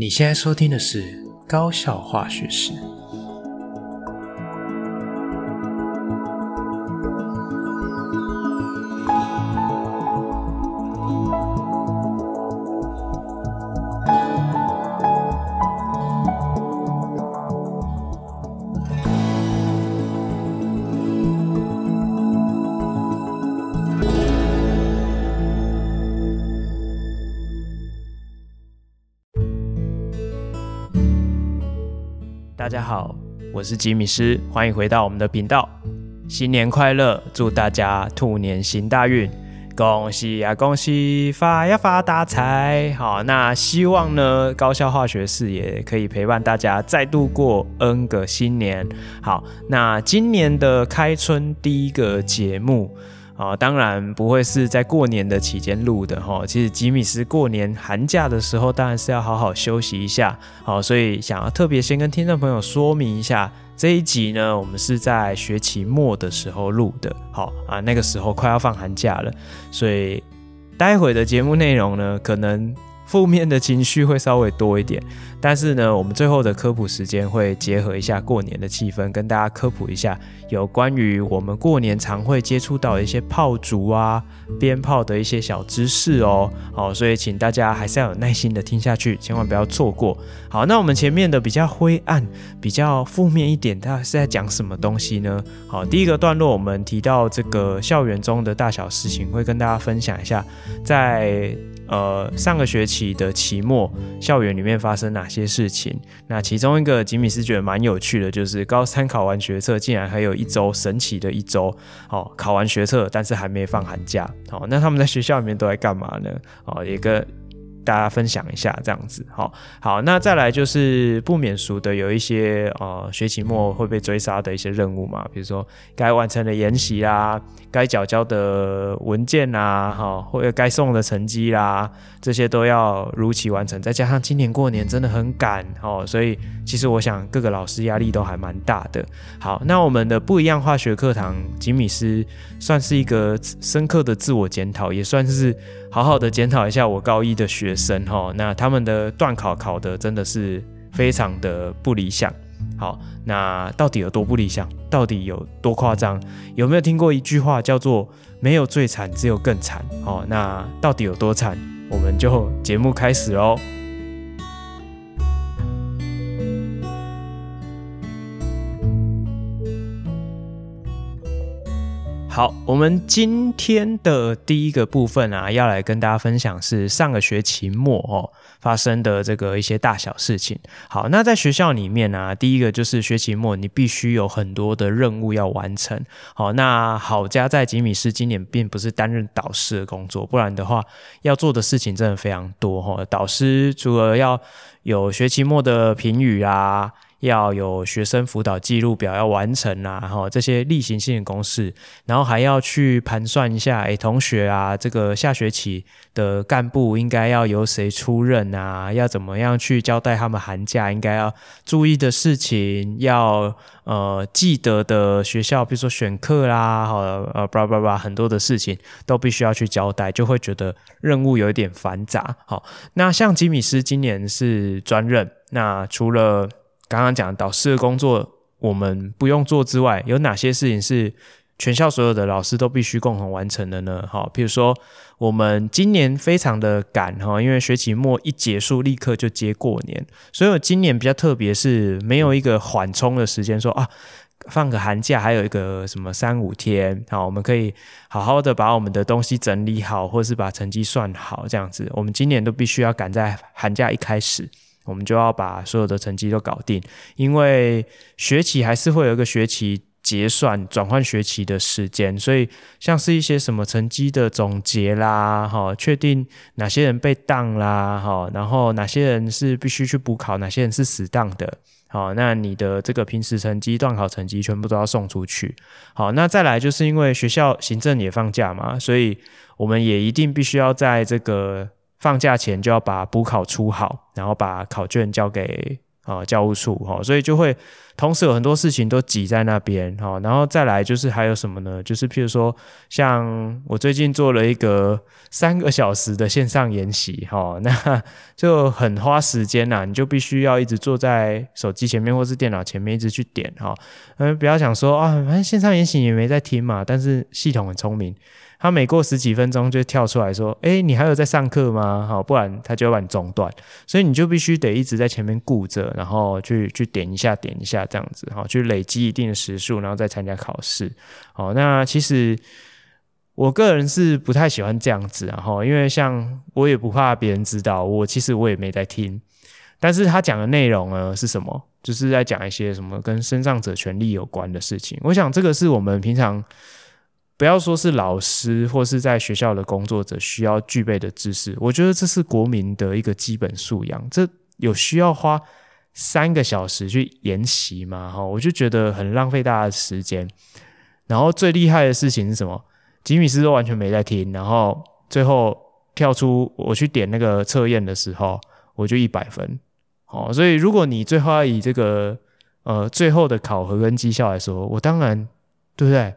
你現在收聽的是《高校化學事》。我是吉米師，歡迎回到我們的頻道。新年快樂，祝大家兔年行大運，恭喜呀、啊，恭喜，發呀發大財。好，那希望呢，高校化學事也可以陪伴大家再度過 n 個新年。好，那今年的開春第一個節目。啊，當然不會是在過年的期間錄的哈。其實吉米師過年寒假的時候，當然是要好好休息一下。好，所以想要特別先跟聽眾朋友說明一下，這一集呢，我們是在學期末的時候錄的。好啊，那個時候快要放寒假了，所以待會的節目內容呢，可能。負面的情緒會稍微多一點，但是呢，我們最後的科普時間會結合一下過年的氣氛，跟大家科普一下有關於我們過年常會接觸到的一些炮竹啊、鞭炮的一些小知識哦。好，所以請大家還是要有耐心的聽下去，千萬不要錯過。好，那我們前面的比較灰暗、比較負面一點，它是在講什麼東西呢？好，第一個段落我們提到這個校園中的大小事情，會跟大家分享一下在。呃，上個學期的期末，校園裡面發生哪些事情？那其中一個吉米師覺得蠻有趣的，就是高三考完學測，竟然還有一周神奇的一周，哦，考完學測，但是還沒放寒假，哦，那他們在學校裡面都在幹嘛呢？哦，一個。大家分享一下這樣子，好好，那再來就是不免俗的有一些哦、呃、學期末會被追殺的一些任務嘛，比如說該完成的研習啦、啊，該繳交的文件啦、啊、哈、哦，或者該送的成績啦、啊，這些都要如期完成。再加上今年過年真的很趕哦，所以其實我想各個老師壓力都還蠻大的。好，那我們的不一樣化學課堂，吉米師算是一個深刻的自我檢討，也算是好好的檢討一下我高一的學生。神哈，那他們的段考考的真的是非常的不理想。好，那到底有多不理想？到底有多誇張？有沒有聽過一句話叫做“沒有最慘，只有更慘”？哦，那到底有多慘？我們就節目開始嘍。好，我們今天的第一個部分啊，要來跟大家分享是上個學期末哦，發生的這個一些大小事情。好，那在學校裡面啊，第一個就是學期末，你必須有很多的任務要完成。好，那好家在吉米師今年並不是擔任導師的工作，不然的話要做的事情真的非常多哈、哦。導師除了要有學期末的評語啊。要有學生輔導記錄表要完成啊，然後這些例行性的公事，然後還要去盤算一下，誒、欸、同學啊，這個下學期的幹部應該要由誰出任啊？要怎麼樣去交代他們寒假應該要注意的事情？要呃記得的學校，比如說選課啦，好呃，巴拉巴拉，很多的事情都必須要去交代，就會覺得任務有一點繁雜。好，那像吉米師今年是專任，那除了剛剛講導師的工作，我們不用做之外，有哪些事情是全校所有的老師都必須共同完成的呢？哈、哦，比如說我們今年非常的趕哈、哦，因為學期末一結束立刻就接過年，所以我今年比較特別是沒有一個緩衝的時間說，說啊放個寒假，還有一個什麼三五天，好、哦，我們可以好好的把我們的東西整理好，或是把成績算好這樣子。我們今年都必須要趕在寒假一開始。我們就要把所有的成績都搞定，因為學期還是會有一個學期結算、轉換學期的時間，所以像是一些什麼成績的總結啦，哈、哦，確定哪些人被當啦，哈、哦，然後哪些人是必須去補考，哪些人是死當的，好、哦，那你的這個平時成績、段考成績全部都要送出去。好、哦，那再來就是因為學校行政也放假嘛，所以我們也一定必須要在這個。放假前就要把補考出好，然後把考卷交給啊、哦、教務處哈、哦，所以就會同時有很多事情都擠在那邊哈、哦。然後再來就是還有什麼呢？就是譬如說像我最近做了一個三個小時的線上研習哈、哦，那就很花時間啦、啊，你就必須要一直坐在手機前面或是電腦前面一直去點哈。嗯、哦，不要想說啊、哦，反正線上研習也沒在聽嘛，但是系統很聰明。他每過十幾分鐘就跳出來說：“哎、欸，你還有在上課嗎？好，不然他就要把你中斷。所以你就必須得一直在前面顧着，然後去去點一下，點一下這樣子，好，去累積一定的時數，然後再參加考試。好，那其實我個人是不太喜歡這樣子，啊，然後因為像我也不怕別人知道，我其實我也沒在聽。但是他講的內容呢是什麼？就是在講一些什麼跟身障者權利有關的事情。我想這個是我們平常。”不要說是老師或是在學校的工作者需要具備的知識，我覺得這是國民的一個基本素養。這有需要花三個小時去研習嗎？哈，我就覺得很浪費大家的時間。然後最厲害的事情是什麼？吉米師都完全沒在聽。然後最後跳出我去點那個測驗的時候，我就一百分。好，所以如果你最後要以這個呃最後的考核跟績效來說，我當然對不對？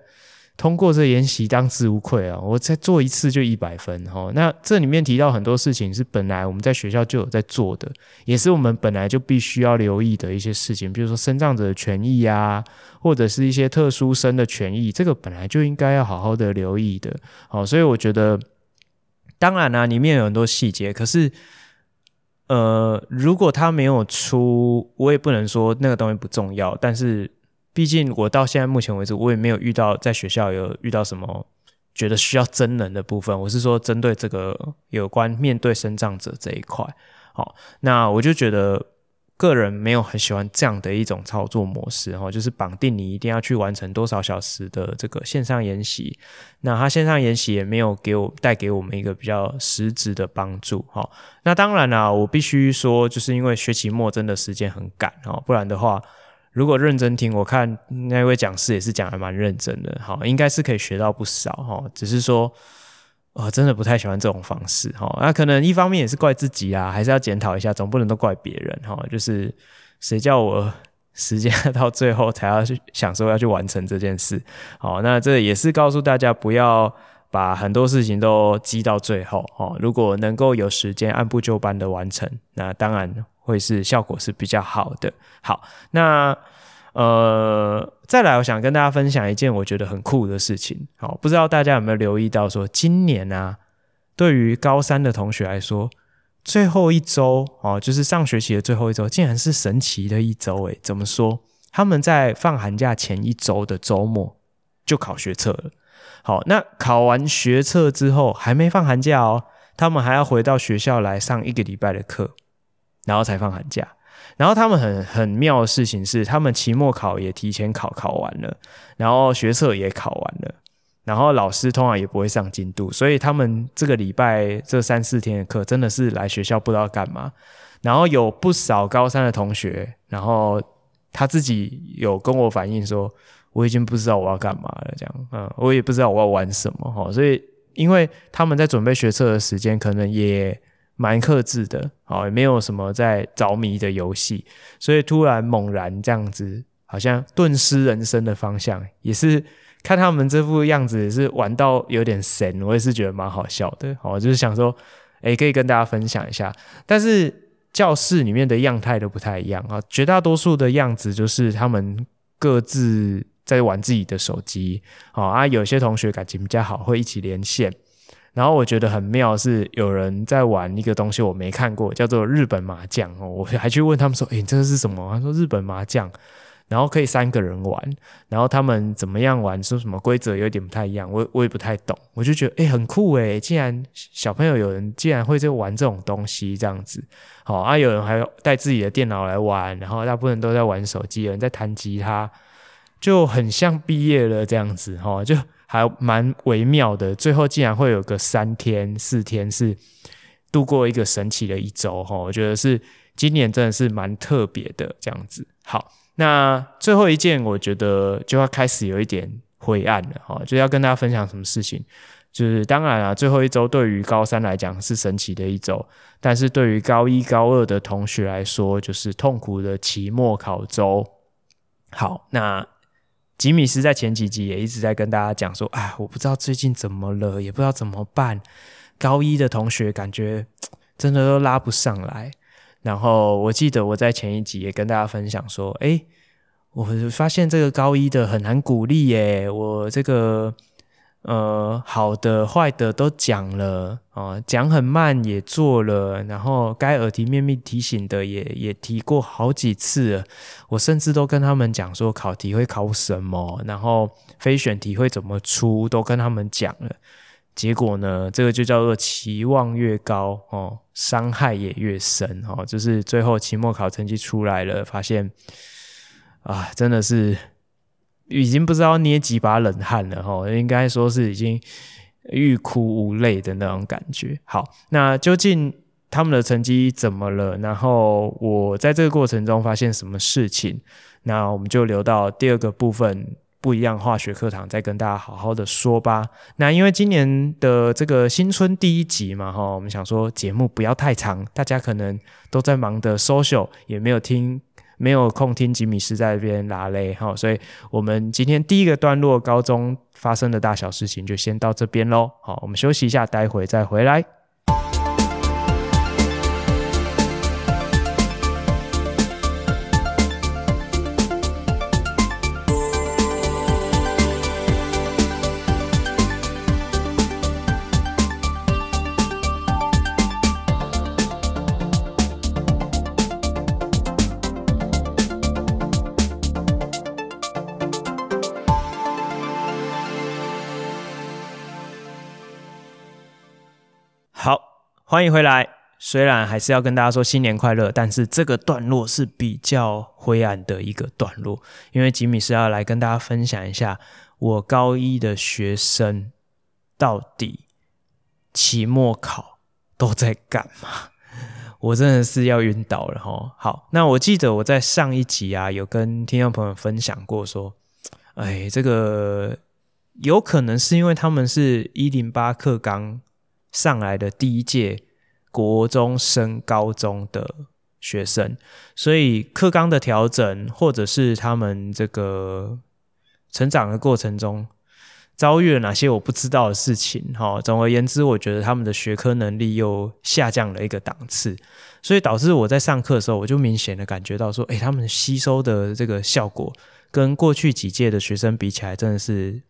通過這研習，當之無愧啊！我再做一次就一百分哦，那這裡面提到很多事情是本來我們在學校就有在做的，也是我們本來就必須要留意的一些事情，比如說身障者的權益啊，或者是一些特殊生的權益，這個本來就應該要好好的留意的。好、哦，所以我覺得，當然呢、啊，裡面有很多細節，可是，呃，如果他沒有出，我也不能說那個東西不重要，但是。畢竟我到現在目前為止，我也沒有遇到在學校有遇到什麼覺得需要真人的部分。我是說，針對這個有關面對生長者這一塊，好，那我就覺得個人沒有很喜歡這樣的一種操作模式哈，就是綁定你一定要去完成多少小時的這個線上研習。那他線上研習也沒有給我帶給我們一個比較實質的幫助哈。那當然啦、啊，我必須說，就是因為學期末真的時間很趕哈，不然的話。如果認真聽，我看那一位講師也是講還蠻認真的，好，應該是可以學到不少哈、哦。只是說，啊、哦，真的不太喜歡這種方式哈、哦。那可能一方面也是怪自己啊，還是要檢討一下，總不能都怪別人哈、哦。就是誰叫我時間到最後才要去享受，要去完成這件事？好、哦，那這也是告訴大家不要，把很多事情都積到最後哦，如果能夠有時間按部就班的完成，那當然會是效果是比較好的。好，那呃，再來，我想跟大家分享一件我覺得很酷的事情。好、哦，不知道大家有沒有留意到說，說今年啊，對於高三的同學來說，最後一週哦，就是上學期的最後一週，竟然是神奇的一週。誒，怎麼說？他們在放寒假前一週的週末就考學測了。好，那考完學測之後還沒放寒假哦，他們還要回到學校來上一個禮拜的課，然後才放寒假。然後他們很很妙的事情是，他們期末考也提前考，考完了，然後學測也考完了，然後老師通常也不會上進度，所以他們這個禮拜這三四天的課真的是來學校不知道幹嘛。然後有不少高三的同學，然後他自己有跟我反映說。我已經不知道我要幹嘛了，這樣，嗯，我也不知道我要玩什麼哈、哦，所以因為他們在準備學測的時間，可能也蠻克制的，哦，也沒有什麼在着迷的遊戲，所以突然猛然這樣子，好像頓失人生的方向，也是看他們這副樣子也是玩到有點神，我也是覺得蠻好笑的，哦，就是想說，哎，可以跟大家分享一下，但是教室裡面的樣態都不太一樣啊、哦，絕大多數的樣子就是他們各自。在玩自己的手機，好、哦、啊！有些同學感情比較好，會一起連線。然後我覺得很妙是有人在玩一個東西，我沒看過，叫做日本麻將哦。我還去問他們說：“誒，這是什麼？”他說：“日本麻將。”然後可以三個人玩。然後他們怎麼樣玩？說什麼規則有點不太一樣，我我也不太懂。我就覺得誒，很酷誒！竟然小朋友有人竟然會在玩這種東西，這樣子好、哦、啊！有人還帶自己的電腦來玩，然後大部分人都在玩手機，有人在彈吉他。就很像畢業了這樣子哈，就還蠻微妙的。最後竟然會有個三天四天是度過一個神奇的一週哈，我覺得是今年真的是蠻特別的這樣子。好，那最後一件我覺得就要開始有一點灰暗了哈，就要跟大家分享什麼事情，就是當然了、啊，最後一週對於高三來講是神奇的一週，但是對於高一高二的同學來說就是痛苦的期末考週。好，那。吉米師在前幾集也一直在跟大家講說，啊，我不知道最近怎麼了，也不知道怎麼辦。高一的同學感覺真的都拉不上來。然後我記得我在前一集也跟大家分享說，誒，我發現這個高一的很難鼓勵耶，我這個。呃，好的、壞的都講了，哦，講很慢也做了，然後該耳提面命提醒的也也提過好幾次了。我甚至都跟他們講說考題會考什麼，然後非選題會怎麼出，都跟他們講了。結果呢，這個就叫做期望越高哦，傷害也越深哦，就是最後期末考成績出來了，發現啊，真的是。已經不知道捏幾把冷汗了哈，應該說是已經欲哭無淚的那種感覺。好，那究竟他們的成績怎麼了？然後我在這個過程中發現什麼事情？那我們就留到第二個部分，不一樣化學課堂，再跟大家好好的說吧。那因為今年的這個新春第一集嘛哈，我們想說節目不要太長，大家可能都在忙的 social，也沒有聽。沒有空聽吉米師在那邊拉勒哈、哦，所以我們今天第一個段落高中發生的大小事情就先到這邊嘍。好、哦，我們休息一下，待會再回來。歡迎回來。雖然還是要跟大家說新年快樂，但是這個段落是比較灰暗的一個段落，因為吉米師要來跟大家分享一下我高一的學生到底期末考都在幹嘛？我真的是要暈倒了哈、哦！好，那我記得我在上一集啊有跟聽眾朋友分享過，說，哎，這個有可能是因為他們是一零八課綱。上來的第一屆國中升高中的學生，所以課綱的調整，或者是他們這個成長的過程中遭遇了哪些我不知道的事情，哈。總而言之，我覺得他們的學科能力又下降了一個檔次，所以導致我在上課的時候，我就明顯的感覺到說，哎，他們吸收的這個效果跟過去幾屆的學生比起來，真的是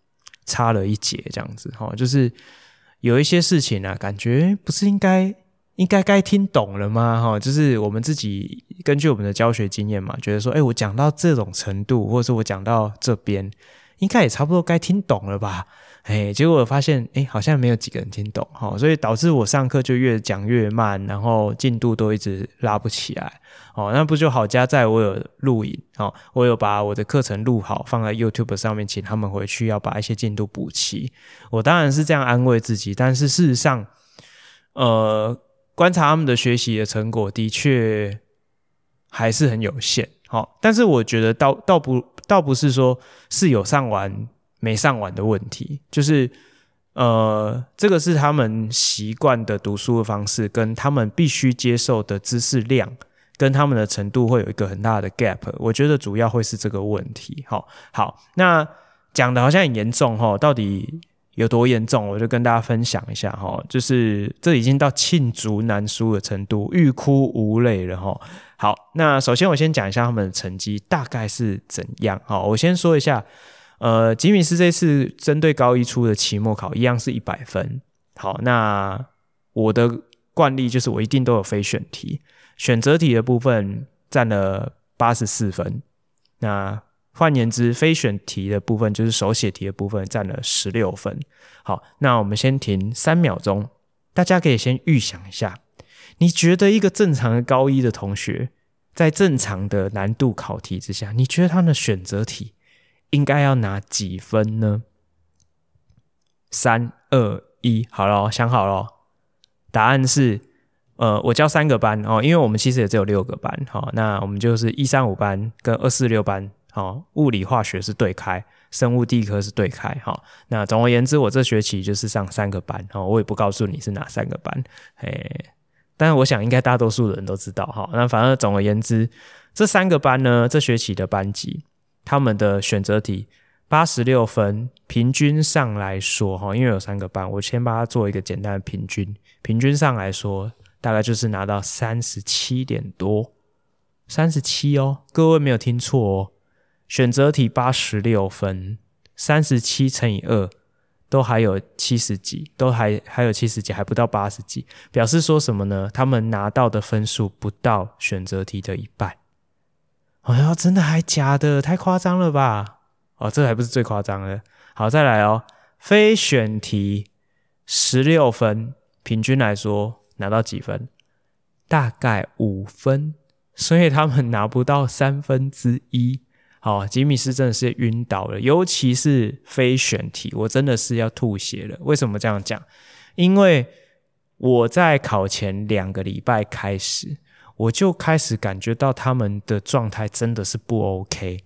差了一截，這樣子，哈，就是。有一些事情啊，感覺不是應該應該該聽懂了嗎？哈、哦，就是我們自己根據我們的教學經驗嘛，覺得說，哎、欸，我講到這種程度，或者是我講到這邊。應該也差不多該聽懂了吧？哎、欸，結果我發現，哎、欸，好像沒有幾個人聽懂，哈、哦，所以導致我上課就越講越慢，然後進度都一直拉不起來，哦，那不就好加在我有錄影，哦，我有把我的課程錄好，放在 YouTube 上面，請他們回去要把一些進度補齊。我當然是這樣安慰自己，但是事實上，呃，觀察他們的學習的成果，的確還是很有限。好，但是我覺得倒倒不倒不是說是有上完沒上完的問題，就是呃，這個是他們習慣的讀書的方式，跟他們必須接受的知識量跟他們的程度會有一個很大的 gap。我覺得主要會是這個問題。好，好，那講得好像很嚴重哈，到底有多嚴重？我就跟大家分享一下哈，就是這已經到罄竹難書的程度，欲哭無淚了哈。好，那首先我先講一下他們的成績大概是怎樣。好，我先說一下，呃，吉米師這次針對高一出的期末考，一樣是一百分。好，那我的慣例就是我一定都有非選題，選擇題的部分占了八十四分。那換言之，非選題的部分就是手寫題的部分占了十六分。好，那我們先停三秒鐘，大家可以先預想一下。你覺得一個正常的高一的同學，在正常的難度考題之下，你覺得他的選擇題應該要拿幾分呢？三二一，好了，想好了，答案是，呃，我教三個班，哦，因為我們其實也只有六個班哈，哦，那我們就是一三五班跟二四六班，哦。物理化學是對開，生物地科是對開，哈，哦，那總而言之，我這學期就是上三個班，然後，哦，我也不告訴你是哪三個班，嘿。但是我想，應該大多數的人都知道哈。那反正總而言之，這三個班呢，這學期的班級，他們的選擇題八十六分，平均上來說哈，因為有三個班，我先把它做一個簡單的平均，平均上來說，大概就是拿到三十七點多，三十七哦，各位沒有聽錯哦，選擇題八十六分，三十七乘以二。都還有七十幾，都還還有七十幾，還不到八十幾，表示說什麼呢？他們拿到的分數不到選擇題的一半。哎呀，真的還假的？太誇張了吧！哦，這個還不是最誇張的。好，再來哦。非選題十六分，平均來說拿到幾分？大概五分。所以他們拿不到三分之一。好，吉米師真的是暈倒了，尤其是非選題，我真的是要吐血了。為什麼這樣講？因為我在考前兩個禮拜開始，我就開始感覺到他們的狀態真的是不 OK。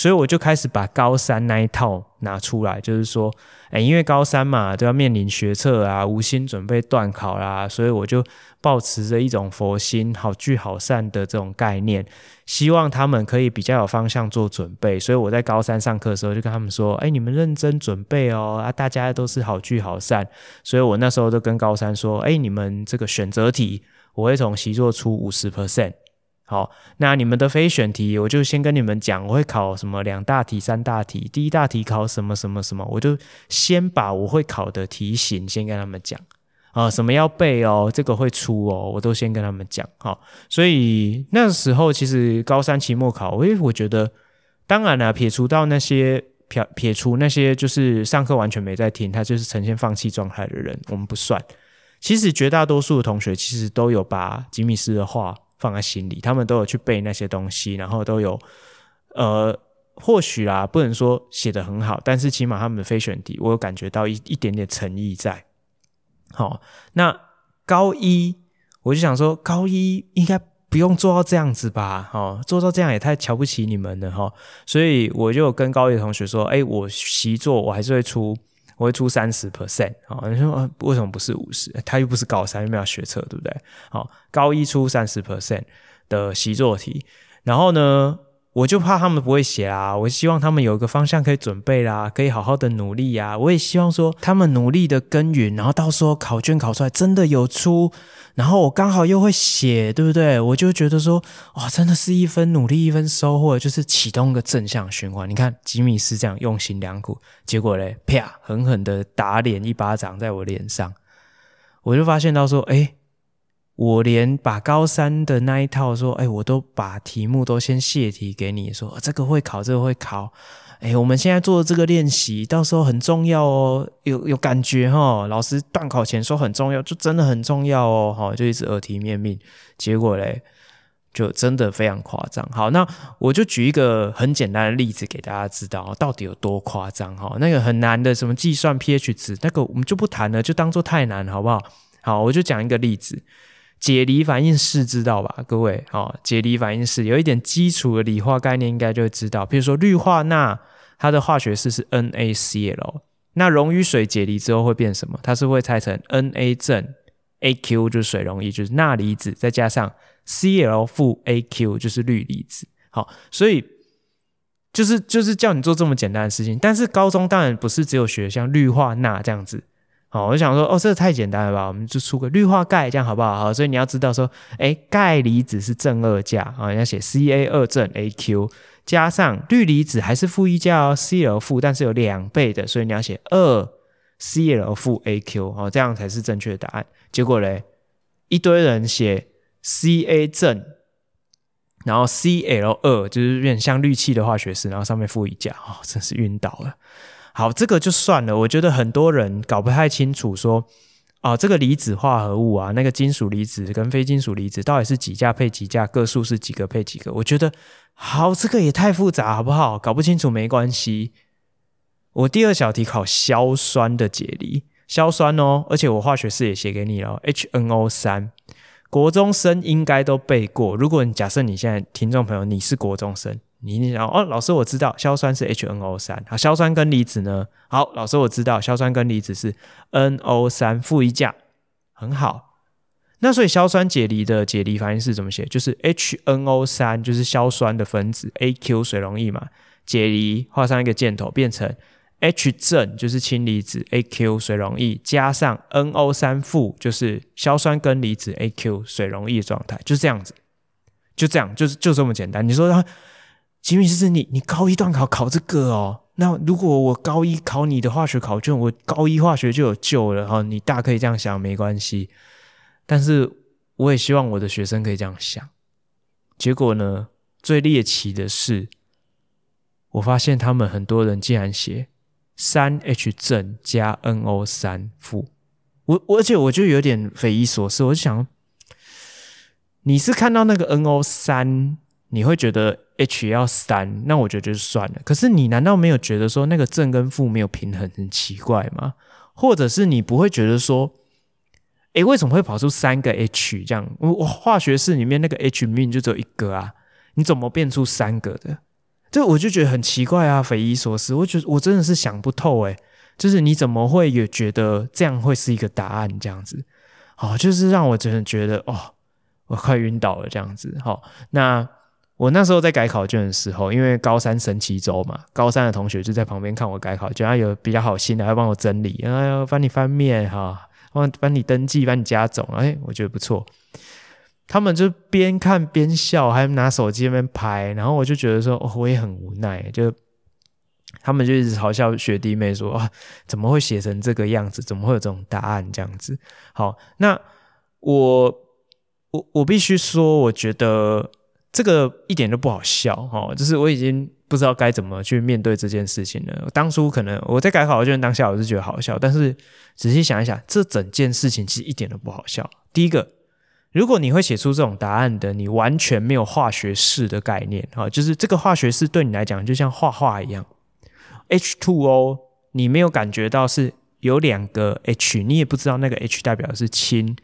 所以我就開始把高三那一套拿出來，就是說，哎，因為高三嘛，都要面臨學測啊、無心準備段考啦，所以我就抱持着一種佛心，好聚好散的這種概念，希望他們可以比較有方向做準備。所以我在高三上課的時候就跟他們說，哎，你們認真準備哦，啊，大家都是好聚好散。所以我那時候就跟高三說，哎，你們這個選擇題我會從習作出五十 percent。好，那你們的非選題，我就先跟你們講，我會考什麼兩大題、三大題。第一大題考什麼什麼什麼，我就先把我會考的題型先跟他們講啊，什麼要背哦，這個會出哦，我都先跟他們講。好，所以那時候其實高三期末考，哎，我覺得當然了啊，撇除到那些撇撇除那些就是上課完全沒在聽，他就是呈現放棄狀態的人，我們不算。其實絕大多數的同學，其實都有把吉米師的話。放在心裡，他們都有去背那些東西，然後都有，呃，或許啊，不能說寫得很好，但是起碼他們的非選題，我有感覺到一一點點誠意在。好、哦，那高一，我就想說，高一應該不用做到這樣子吧？哦，做到這樣也太瞧不起你們了哦。所以我就跟高一的同學說，哎，我習作我還是會出。我會出三十 percent 哦，你說為什麼不是五十？他又不是高三，又沒有學測，對不對？好、哦，高一出三十 percent 的習作題，然後呢，我就怕他們不會寫啦、啊。我希望他們有一個方向可以準備啦、啊，可以好好的努力呀、啊。我也希望說，他們努力的耕耘，然後到時候考卷考出來，真的有出。然後我剛好又會寫，對不對？我就覺得說，哇、哦，真的是一分努力一分收穫，就是啟動個正向循環。你看吉米師這樣用心良苦，結果嘞，啪，狠狠的打臉一巴掌在我臉上，我就發現到說，哎，我連把高三的那一套說，哎，我都把題目都先泄題給你說，說、哦、這個會考，這個會考。哎、欸，我們現在做的這個練習，到時候很重要哦，有有感覺哦，老師段考前說很重要，就真的很重要哦，哈、哦，就一直耳提面命。結果嘞，就真的非常誇張。好，那我就舉一個很簡單的例子給大家知道到底有多誇張哈、哦。那個很難的什麼計算 pH 值，那個我們就不談了，就當做太難好不好？好，我就講一個例子。解離反應式知道吧，各位啊，解離反應式有一點基礎的理化概念，應該就會知道。比如說氯化鈉，它的化學式是 NaCl，那溶於水解離之後會變什麼？它是會拆成 Na 正 aq，就是水溶液，就是鈉離子，再加上 Cl 負 aq，就是氯離子。好，所以就是就是叫你做這麼簡單的事情。但是高中當然不是只有學像氯化鈉這樣子。哦，我就想說，哦，這個、太簡單了吧？我們就出個氯化鈣，這樣好不好？好，所以你要知道說，哎、欸，鈣離子是正二價，啊、喔，你要寫 Ca 二正 AQ，加上氯離子還是負一價哦、喔，Cl 負，但是有兩倍的，所以你要寫二 Cl 負 AQ，哦、喔，這樣才是正確的答案。結果嘞，一堆人寫 Ca 正，然後 Cl 二，就是有點像氯氣的化學式，然後上面負一價，哦、喔，真是暈倒了。好，這個就算了。我覺得很多人搞不太清楚說，說啊，這個離子化合物啊，那個金屬離子跟非金屬離子到底是幾價配幾價，個數是幾個配幾個。我覺得好，這個也太複雜，好不好？搞不清楚沒關係。我第二小題考硝酸的解離，硝酸哦，而且我化學式也寫給你了，HNO 三。NO、3，國中生應該都背過。如果你假設你現在聽眾朋友你是國中生。你一定想哦，老師，我知道硝酸是 HNO 三啊，硝酸根離子呢？好，老師，我知道硝酸根離子是 NO 三負一價，很好。那所以硝酸解離的解離反應式怎麼寫？就是 HNO 三就是硝酸的分子，aq 水溶液嘛，解離畫上一個箭頭，變成 H 正就是氫離子，aq 水溶液加上 NO 三負就是硝酸根離子，aq 水溶液的狀態，就這樣子，就這樣，就是就這麼簡單。你說它。即便是你，你高一段考考這個哦，那如果我高一考你的化學考卷，我高一化學就有救了哈、哦，你大可以這樣想，沒關係。但是我也希望我的學生可以這樣想。結果呢，最獵奇的是，我發現他們很多人竟然寫三 H 正加 NO 三負。我，我，而且我就有點匪夷所思，我就想，你是看到那個 NO 三，你會覺得？H 要三，那我覺得就是算了。可是你難道沒有覺得說那個正跟負沒有平衡很奇怪嗎？或者是你不會覺得說，誒，為什麼會跑出三個 H 這樣？我我化學式裡面那個 H 明明就只有一個啊，你怎麼變出三個的？這我就覺得很奇怪啊，匪夷所思。我覺得我真的是想不透誒、欸，就是你怎麼會有覺得這樣會是一個答案這樣子？好，就是讓我真的覺得哦，我快暈倒了這樣子。好，那。我那時候在改考卷的時候，因為高三神奇週嘛，高三的同學就在旁邊看我改考卷，啊，有比較好心的，啊、還幫我整理，啊，幫你翻面哈，幫、啊、幫你登記，幫你加總，哎、啊欸，我覺得不錯。他們就邊看邊笑，還拿手機那邊拍，然後我就覺得說，哦、我也很無奈，就他們就一直嘲笑學弟妹說，啊，怎麼會寫成這個樣子？怎麼會有這種答案這樣子？好，那我我我必須說，我覺得。這個一點都不好笑哈、哦，就是我已經不知道該怎麼去面對這件事情了。當初可能我在改考卷當下，我是覺得好笑，但是仔細想一想，這整件事情其實一點都不好笑。第一個，如果你會寫出這種答案的，你完全沒有化學式的概念哈、哦，就是這個化學式對你來講就像畫畫一樣，H2O，你沒有感覺到是有兩個 H，你也不知道那個 H 代表的是氫。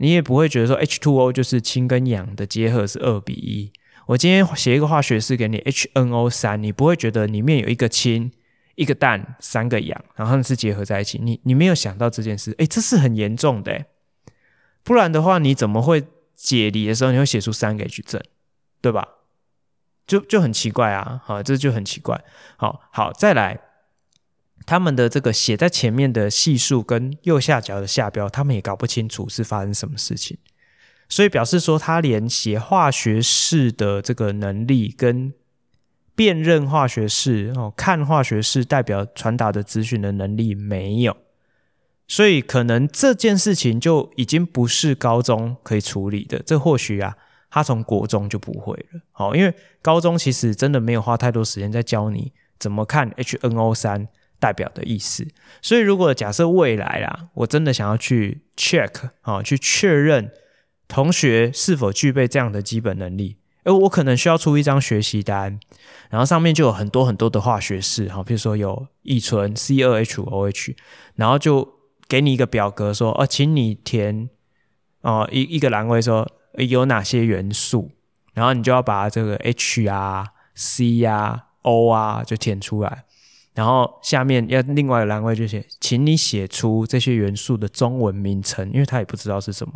你也不會覺得說 H2O 就是氫跟氧的結合是二比一。我今天寫一個化學式給你 HNO3，你不會覺得裡面有一個氫、一個氮、三個氧，然後它是結合在一起。你你沒有想到這件事，誒，這是很嚴重的誒。不然的話，你怎麼會解離的時候你會寫出三個 H 正，對吧？就就很奇怪啊，好，這就很奇怪。好好再來。他們的這個寫在前面的係數跟右下角的下標，他們也搞不清楚是發生什麼事情，所以表示說他連寫化學式的這個能力跟辨認化學式哦，看化學式代表傳達的資訊的能力沒有，所以可能這件事情就已經不是高中可以處理的，這或許啊，他從國中就不會了。好，因為高中其實真的沒有花太多時間在教你怎麼看 HNO3。代表的意思，所以如果假設未來啦，我真的想要去 check 啊、喔，去確認同學是否具備這樣的基本能力，為、欸、我可能需要出一張學習單，然後上面就有很多很多的化學式，好、喔，比如說有乙醇 C 二 H 五 OH，然後就給你一個表格說，哦、喔，請你填，哦、喔、一一,一個欄位說、欸、有哪些元素，然後你就要把這個 H 啊、C 啊、O 啊就填出來。然後下面要另外一個欄位就寫，請你寫出這些元素的中文名稱，因為他也不知道是什麼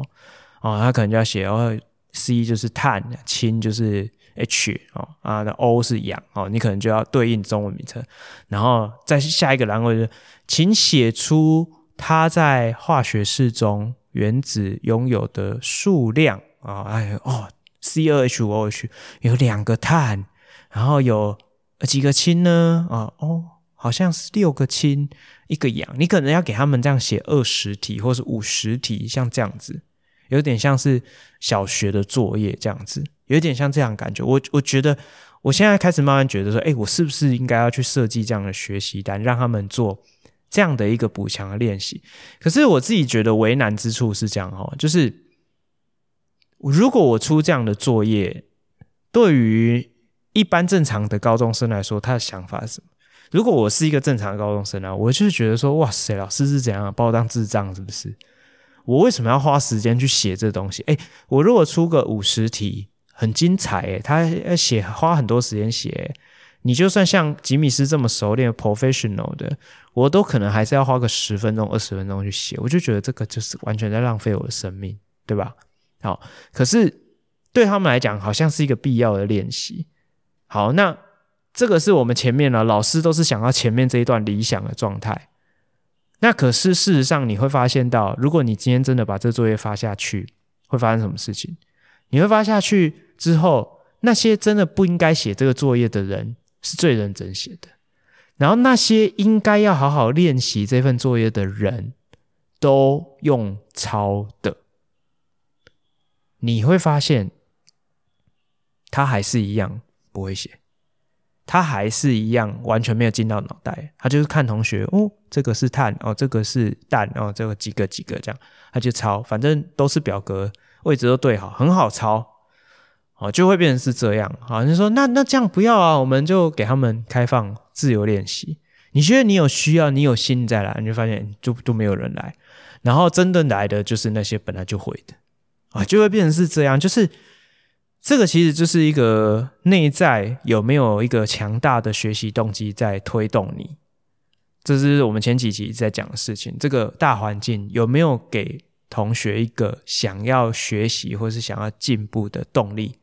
哦，他可能就要寫哦，C 就是碳，氫就是 H 哦啊，那 O 是氧哦，你可能就要對應中文名稱。然後再下一個欄位就請寫出它在化學式中原子擁有的數量啊、哦，哎呦哦，C 二 H 五 O H 有兩個碳，然後有幾個氫呢？啊哦。哦好像是六個氫一個氧，你可能要給他們這樣寫二十題或是五十題，像這樣子，有點像是小學的作業這樣子，有點像這樣的感覺。我我覺得我現在開始慢慢覺得說，哎，我是不是應該要去設計這樣的學習單，讓他們做這樣的一個補強的練習？可是我自己覺得為難之處是這樣哦，就是如果我出這樣的作業，對於一般正常的高中生來說，他的想法是什麼？如果我是一個正常的高中生呢、啊，我就是覺得說，哇塞，老師是怎樣、啊、把我當智障？是不是？我為什麼要花時間去寫這東西？哎，我如果出個五十題，很精彩誒，他要寫花很多時間寫。你就算像吉米斯這麼熟練的 professional 的，我都可能還是要花個十分鐘、二十分鐘去寫。我就覺得這個就是完全在浪費我的生命，對吧？好，可是對他們來講，好像是一個必要的練習。好，那。這個是我們前面了、啊，老師都是想要前面這一段理想的狀態。那可是事實上，你會發現到，如果你今天真的把這個作業發下去，會發生什麼事情？你會發下去之後，那些真的不應該寫這個作業的人是最認真寫的，然後那些應該要好好練習這份作業的人，都用抄的。你會發現，他還是一樣不會寫。他還是一樣，完全沒有進到腦袋。他就是看同學，哦，這個是碳，哦，這個是氮，哦，這個幾個幾個這樣，他就抄，反正都是表格，位置都對好，很好抄，哦，就會變成是這樣。你、哦、就說那那這樣不要啊，我們就給他們開放自由練習。你覺得你有需要，你有心再來，你就發現就都沒有人來。然後真的來的就是那些本來就會的，啊、哦，就會變成是這樣，就是。這個其實就是一個內在有沒有一個強大的學習動機在推動你，這是我們前幾集一直在講的事情。這個大環境有沒有給同學一個想要學習或是想要進步的動力？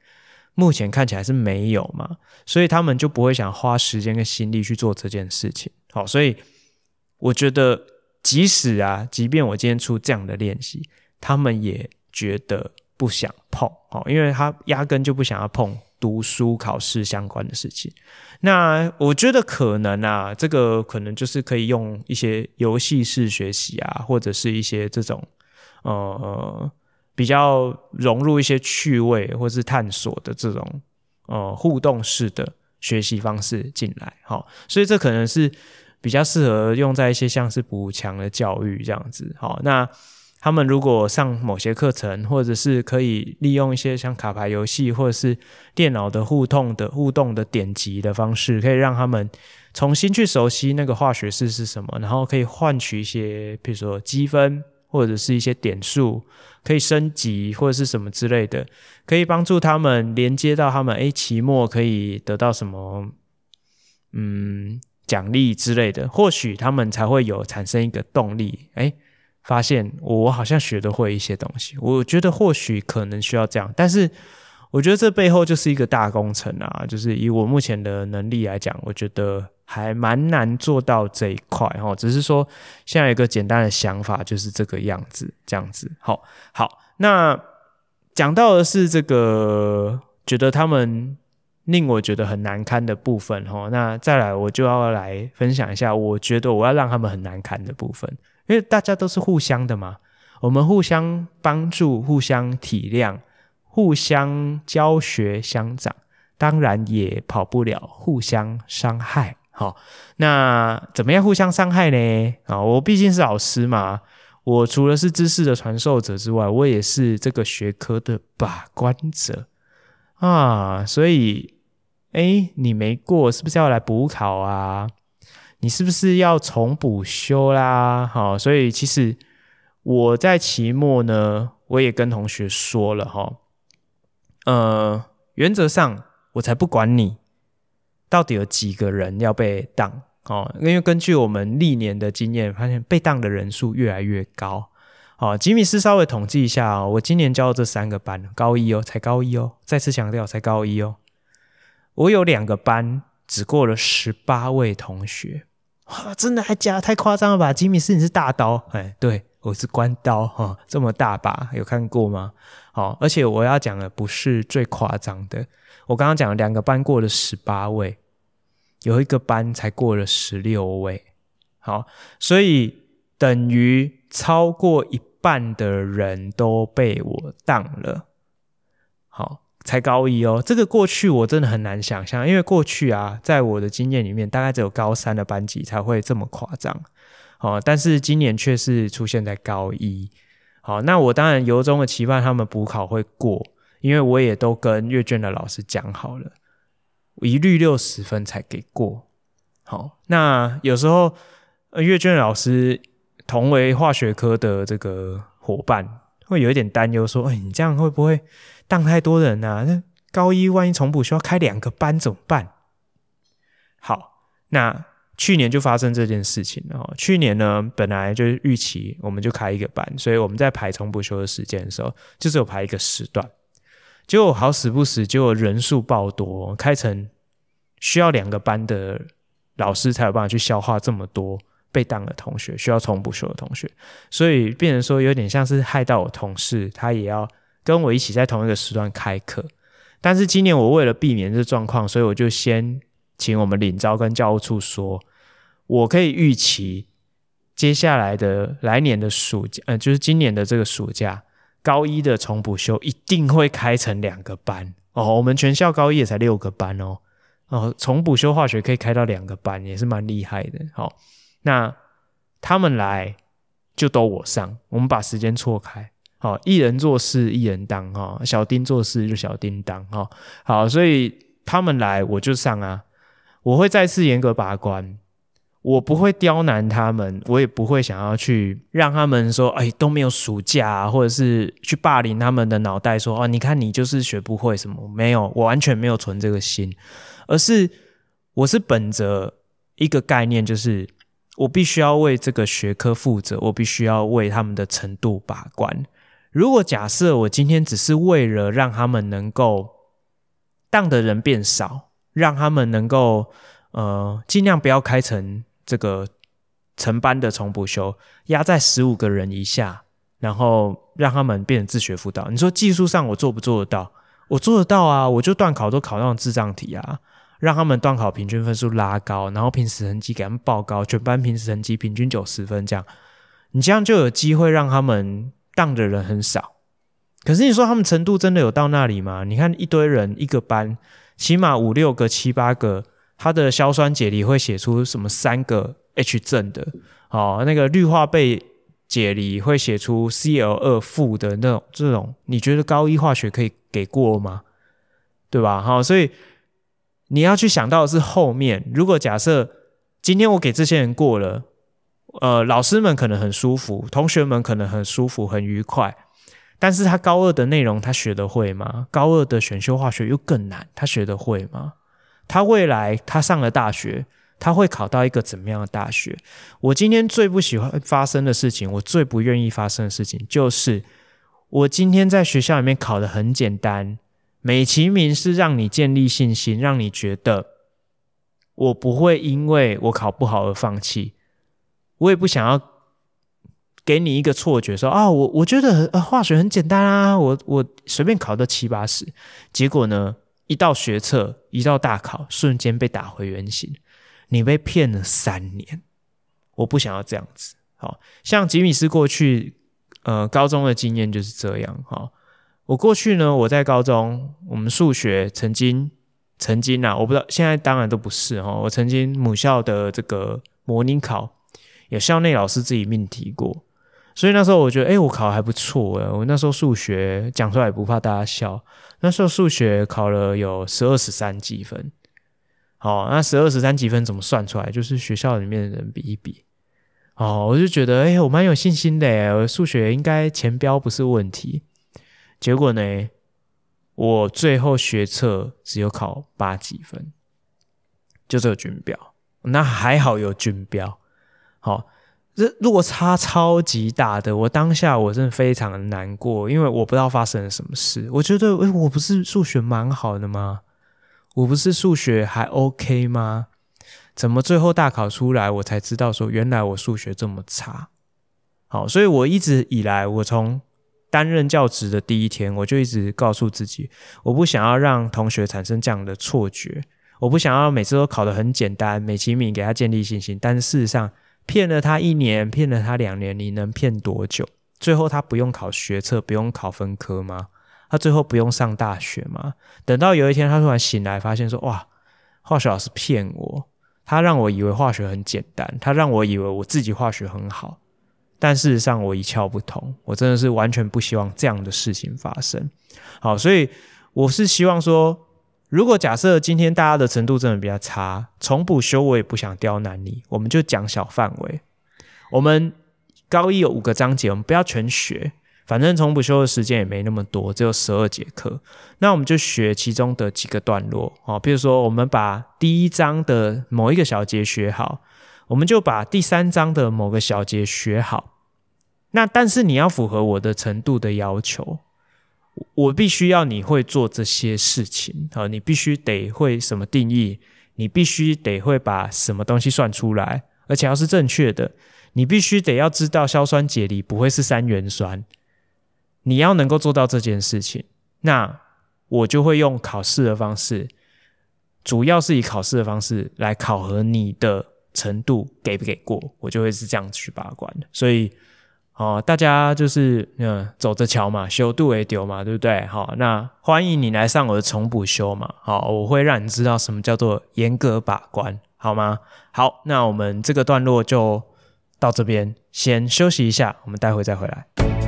目前看起來是沒有嘛，所以他們就不會想花時間跟心力去做這件事情。好，所以我覺得，即使啊，即便我今天出這樣的練習，他們也覺得。不想碰哦，因為他壓根就不想要碰讀書考試相關的事情。那我覺得可能啊，這個可能就是可以用一些遊戲式學習啊，或者是一些這種呃比較融入一些趣味或是探索的這種呃互動式的學習方式進來。好、哦，所以這可能是比較適合用在一些像是補強的教育這樣子。好、哦，那。他們如果上某些課程，或者是可以利用一些像卡牌遊戲，或者是電腦的互動的互動的點擊的方式，可以讓他們重新去熟悉那個化學式是什麼，然後可以換取一些，比如說積分或者是一些點數，可以升級或者是什麼之類的，可以幫助他們連接到他們，誒，期末可以得到什麼，嗯，獎勵之類的，或許他們才會有產生一個動力，誒發現我好像學得會一些東西，我覺得或許可能需要這樣，但是我覺得這背後就是一個大工程啊，就是以我目前的能力來講，我覺得還蠻難做到這一塊哈。只是說現在有一個簡單的想法，就是這個樣子，這樣子。好，好，那講到的是這個，覺得他們令我覺得很難堪的部分哈。那再來，我就要來分享一下，我覺得我要讓他們很難堪的部分。因為大家都是互相的嘛，我們互相幫助、互相體諒、互相教學相長，當然也跑不了互相傷害。好，那怎麼樣互相傷害呢？啊，我畢竟是老師嘛，我除了是知識的傳授者之外，我也是這個學科的把關者啊。所以，哎、欸，你沒過，是不是要來補考啊？你是不是要重補修啦？好、哦，所以其實我在期末呢，我也跟同學說了哈、哦，呃，原則上我才不管你到底有幾個人要被當哦，因為根據我們歷年的經驗發現，被當的人數越來越高。好、哦，吉米師稍微統計一下啊、哦，我今年教這三個班，高一哦，才高一哦，再次強調，才高一哦，我有兩個班只過了十八位同學。哇，真的還假？太誇張了吧！吉米師，你是大刀，哎，對，我是關刀哈，哦，這麼大把，有看過嗎？好，而且我要講的不是最誇張的，我剛剛講兩個班過了十八位，有一個班才過了十六位，好，所以等於超過一半的人都被我當了，好。才高一哦，這個過去我真的很難想象因為過去啊，在我的經驗裡面，大概只有高三的班級才會這麼誇張，好、哦，但是今年卻是出現在高一，好、哦，那我當然由衷的期盼他們補考會過，因為我也都跟閱卷的老師講好了，一律六十分才給過，好、哦，那有時候呃閱卷老師同為化學科的這個夥伴會有一點擔憂，說，哎、欸，你這樣會不會？當太多人呢、啊？那高一萬一重補修要開兩個班怎麼辦？好，那去年就發生這件事情哦。去年呢，本來就是預期我們就開一個班，所以我們在排重補修的時間的時候，就只有排一個時段。結果好死不死，結果人數爆多，開成需要兩個班的老師才有辦法去消化這麼多被當的同學需要重補修的同學，所以變成說有點像是害到我同事，他也要。跟我一起在同一個時段開課，但是今年我為了避免這狀況，所以我就先請我們領招跟教務處說，我可以預期接下來的來年的暑假，呃，就是今年的這個暑假，高一的重補修一定會開成兩個班哦。我們全校高一也才六個班哦，哦，重補修化學可以開到兩個班，也是蠻厲害的。哦。那他們來就都我上，我們把時間錯開。好，一人做事一人當哈，小叮噹做事就小叮噹當哈。好，所以他們來我就上啊，我會再次嚴格把關，我不會刁難他們，我也不會想要去讓他們說，哎，都沒有暑假啊，或者是去霸凌他們的腦袋說，哦、啊，你看你就是學不會什麼，沒有，我完全沒有存這個心，而是我是本着一個概念，就是我必須要為這個學科負責，我必須要為他們的程度把關。如果假設我今天只是為了讓他們能夠當的人變少，讓他們能夠呃盡量不要開成這個成班的重補修，壓在十五個人以下，然後讓他們變自學輔導。你說技術上我做不做得到？我做得到啊！我就段考都考那種智障題啊，讓他們段考平均分數拉高，然後平時成績給他們報高，全班平時成績平均九十分這樣，你這樣就有機會讓他們。樣的人很少，可是你說他們程度真的有到那裡嗎？你看一堆人一個班，起碼五六個、七八個，他的硝酸解離會寫出什麼三個 H 正的，哦，那個氯化鋇解離會寫出 Cl 二負的那種這種，你覺得高一化學可以給過嗎？對吧？哈、哦，所以你要去想到的是後面，如果假設今天我給這些人過了。呃，老師們可能很舒服，同學們可能很舒服、很愉快。但是他高二的內容他學得會嗎？高二的選修化學又更難，他學得會嗎？他未來他上了大學，他會考到一個怎麼樣的大學？我今天最不喜歡發生的事情，我最不願意發生的事情，就是我今天在學校裡面考得很簡單，美其名是讓你建立信心，讓你覺得我不會因為我考不好而放棄。我也不想要給你一個錯覺說，說啊，我我覺得呃化學很簡單啊，我我隨便考個七八十，結果呢，一到學測，一到大考，瞬間被打回原形。你被騙了三年，我不想要這樣子。好、哦，像吉米師過去呃高中的經驗就是這樣。哈、哦，我過去呢，我在高中，我們數學曾經曾經啊，我不知道現在當然都不是哦，我曾經母校的這個模擬考。有校內老師自己命題過，所以那時候我覺得，哎、欸，我考還不錯哎。我那時候數學講出來也不怕大家笑，那時候數學考了有十二十三級分。好，那十二十三級分怎麼算出來？就是學校裡面的人比一比。哦，我就覺得，哎、欸，我蠻有信心的哎，我數學應該前標不是問題。結果呢，我最後學測只有考八級分，就這、是、個均標。那還好有均標。好，這落差超級大的，我當下我真的非常的難過，因為我不知道發生了什麼事。我覺得，哎，我不是數學蠻好的嗎？我不是數學還 OK 嗎？怎麼最後大考出來，我才知道說，原來我數學這麼差。好，所以我一直以來，我從擔任教職的第一天，我就一直告訴自己，我不想要讓同學產生這樣的錯覺，我不想要每次都考得很簡單，美其名給他建立信心，但是事實上。騙了他一年，騙了他兩年，你能騙多久？最後他不用考學測，不用考分科嗎？他最後不用上大學嗎？等到有一天他突然醒來，發現說：“哇，化學老師騙我，他讓我以為化學很簡單，他讓我以為我自己化學很好，但事實上我一竅不通。”我真的是完全不希望這樣的事情發生。好，所以我是希望說。如果假設今天大家的程度真的比較差，重補修我也不想刁難你，我們就講小範圍。我們高一有五個章節，我們不要全學，反正重補修的時間也沒那麼多，只有十二節課，那我們就學其中的幾個段落，哦，譬如說，我們把第一章的某一個小節學好，我們就把第三章的某個小節學好。那但是你要符合我的程度的要求。我必須要你會做這些事情，好，你必須得會什麼定義，你必須得會把什麼東西算出來，而且要是正確的，你必須得要知道硝酸解離不會是三元酸，你要能夠做到這件事情，那我就會用考試的方式，主要是以考試的方式來考核你的程度給不給過，我就會是這樣子去把關，所以。哦，大家就是嗯，走着瞧嘛，修度也丟嘛，對不對？好、哦，那歡迎你來上我的重補修嘛，好、哦，我會讓你知道什麼叫做嚴格把關，好嗎？好，那我們這個段落就到這邊，先休息一下，我們待會再回來。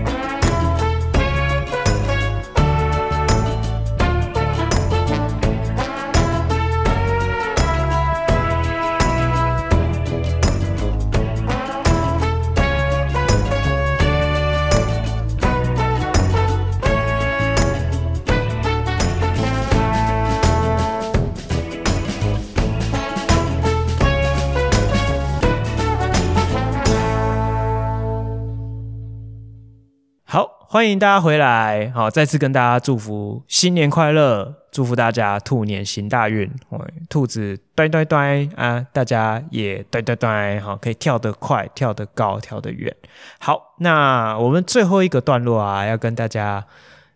歡迎大家回來，好，再次跟大家祝福新年快樂，祝福大家兔年行大運，兔子端端端，端端端啊，大家也端端端，好，可以跳得快，跳得高，跳得遠。好，那我們最後一個段落啊，要跟大家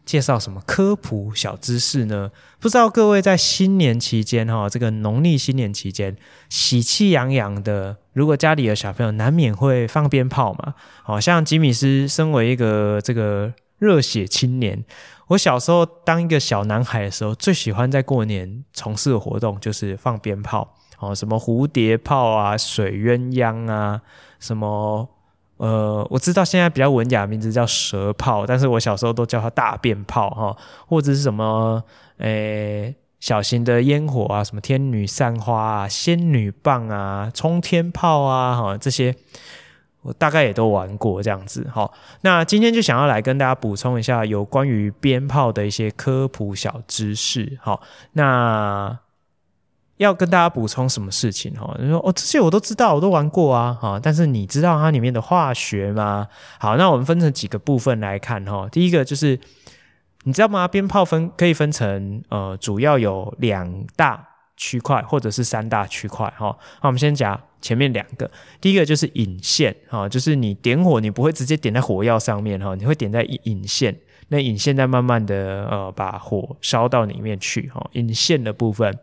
介紹什麼科普小知識呢？不知道各位在新年期間哈，這個農曆新年期間喜氣洋洋的，如果家裡有小朋友，難免會放鞭炮嘛。好像吉米師身為一個這個熱血青年，我小時候當一個小男孩的時候，最喜歡在過年從事的活動就是放鞭炮，哦，什麼蝴蝶炮啊，水鴛鴦啊，什麼。呃，我知道現在比較文雅的名字叫蛇炮，但是我小時候都叫它大便炮哈，或者是什麼，誒，小型的煙火啊，什麼天女散花啊，仙女棒啊，衝天炮啊，哈，這些我大概也都玩過這樣子。哈，那今天就想要來跟大家補充一下有關於鞭炮的一些科普小知識。哈，那。要跟大家補充什麼事情哈？你說哦，這些我都知道，我都玩過啊哈。但是你知道它裡面的化學嗎？好，那我們分成幾個部分來看哈。第一個就是你知道嗎？鞭炮分可以分成呃，主要有兩大區塊或者是三大區塊哈。那我們先講前面兩個。第一個就是引線哈，就是你點火，你不會直接點在火藥上面哈，你會點在引線。那引線再慢慢的呃把火燒到裡面去哈。引線的部分。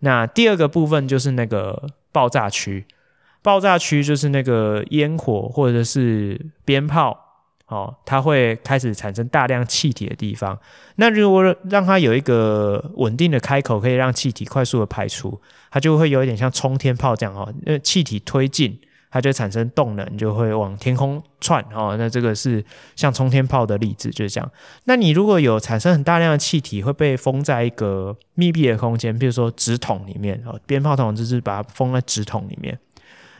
那第二個部分就是那個爆炸區，爆炸區就是那個煙火或者是鞭炮，哦，它會開始產生大量氣體的地方。那如果讓它有一個穩定的開口，可以讓氣體快速的排出，它就會有一點像沖天炮這樣哦，那氣體推進。它就產生動能，就會往天空竄哦，那這個是像沖天炮的例子，就是這樣。那你如果有產生很大量的氣體，會被封在一個密閉的空間，比如說紙筒裡面哦，鞭炮筒就是把它封在紙筒裡面，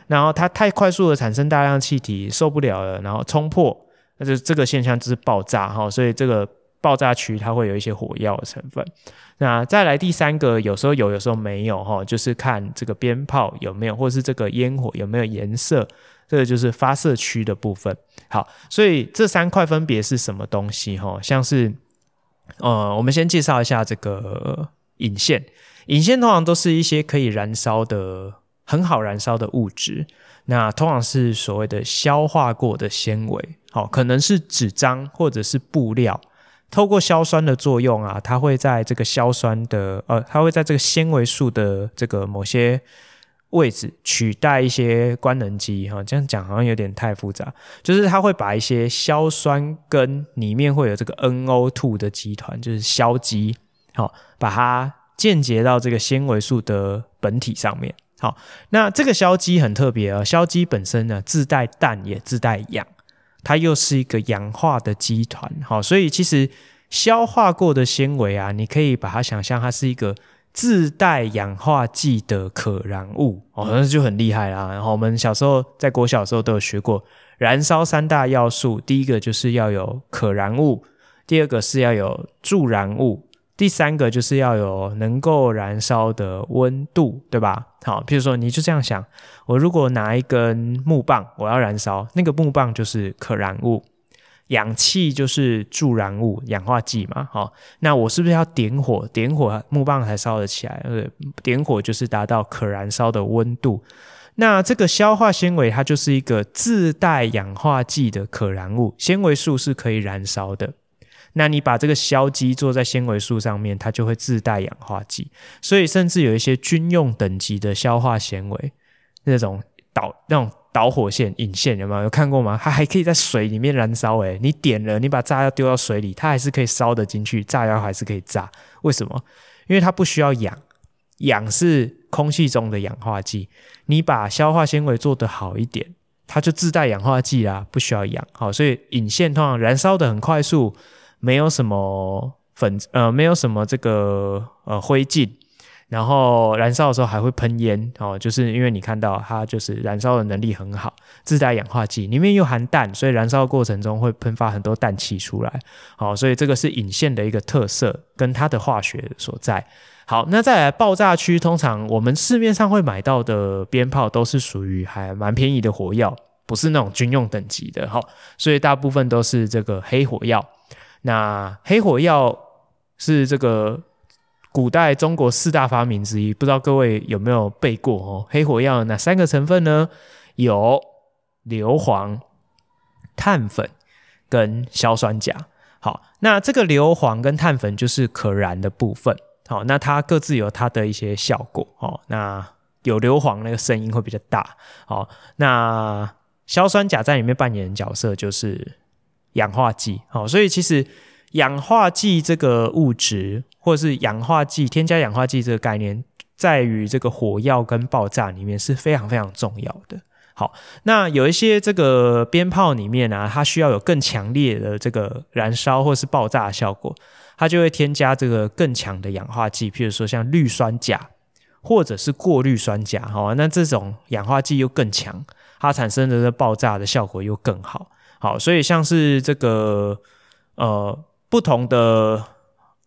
然後它太快速的產生大量氣體，受不了了，然後衝破，那就這個現象就是爆炸哈、哦。所以這個。爆炸區它會有一些火藥的成分，那再來第三個，有時候有，有時候沒有哈，就是看這個鞭炮有沒有，或是這個煙火有沒有顏色，這個就是發射區的部分。好，所以這三塊分別是什麼東西哈？像是，呃，我們先介紹一下這個引線，引線通常都是一些可以燃燒的、很好燃燒的物質，那通常是所謂的消化過的纖維，好，可能是紙張或者是布料。透過硝酸的作用啊，它會在這個硝酸的呃，它會在這個纖維素的這個某些位置取代一些官能基哈。這樣講好像有點太複雜，就是它會把一些硝酸根裡面會有這個 NO two 的集團，就是硝基，好、哦，把它間接到這個纖維素的本體上面。好、哦，那這個硝基很特別哦，硝基本身呢自帶氮也自帶氧，它又是一個氧化的基團，好、哦，所以其實硝化過的纖維啊，你可以把它想象它是一個自帶氧化劑的可燃物哦，那就很厲害啦。然後我們小時候在國小的時候都有學過燃燒三大要素，第一個就是要有可燃物，第二個是要有助燃物。第三個就是要有能夠燃燒的溫度，對吧？好，譬如說你就這樣想，我如果拿一根木棒，我要燃燒，那個木棒就是可燃物，氧氣就是助燃物、氧化劑嘛。好，那我是不是要點火？點火木棒才燒得起來，呃，點火就是達到可燃燒的溫度。那這個硝化纖維它就是一個自帶氧化劑的可燃物，纖維素是可以燃燒的。那你把這個硝基做在纖維素上面，它就會自帶氧化劑，所以甚至有一些軍用等級的硝化纖維，那種導那種導火線引線有沒有有看過嗎？它還可以在水裡面燃燒誒，你點了，你把炸藥丟到水裡，它還是可以燒得進去，炸藥還是可以炸。為什麼？因為它不需要氧，氧是空氣中的氧化劑。你把硝化纖維做得好一點，它就自帶氧化劑啦，不需要氧。好，所以引線通常燃燒得很快速。沒有什麼粉呃，沒有什麼這個呃灰燼，然後燃燒的時候還會噴煙哦，就是因為你看到它就是燃燒的能力很好，自帶氧化劑，裡面又含氮，所以燃燒的過程中會噴發很多氮氣出來，好、哦，所以這個是引線的一個特色跟它的化學所在。好，那再來爆炸區，通常我們市面上會買到的鞭炮都是屬於還蠻便宜的火藥，不是那種軍用等級的，好、哦，所以大部分都是這個黑火藥。那黑火藥是這個古代中國四大發明之一，不知道各位有沒有背過哦？黑火藥有哪三個成分呢？有硫磺、碳粉跟硝酸鉀。好，那這個硫磺跟碳粉就是可燃的部分。好，那它各自有它的一些效果哦。那有硫磺，那個聲音會比較大。好，那硝酸鉀在裡面扮演的角色就是。氧化劑，好、哦，所以其實氧化劑這個物質，或者是氧化劑添加氧化劑這個概念，在於這個火藥跟爆炸裡面是非常非常重要的。好，那有一些這個鞭炮裡面啊，它需要有更強烈的這個燃燒或是爆炸的效果，它就會添加這個更強的氧化劑，譬如說像氯酸鉀或者是過氯酸鉀，哈、哦，那這種氧化劑又更強，它產生的這個爆炸的效果又更好。好，所以像是這個呃不同的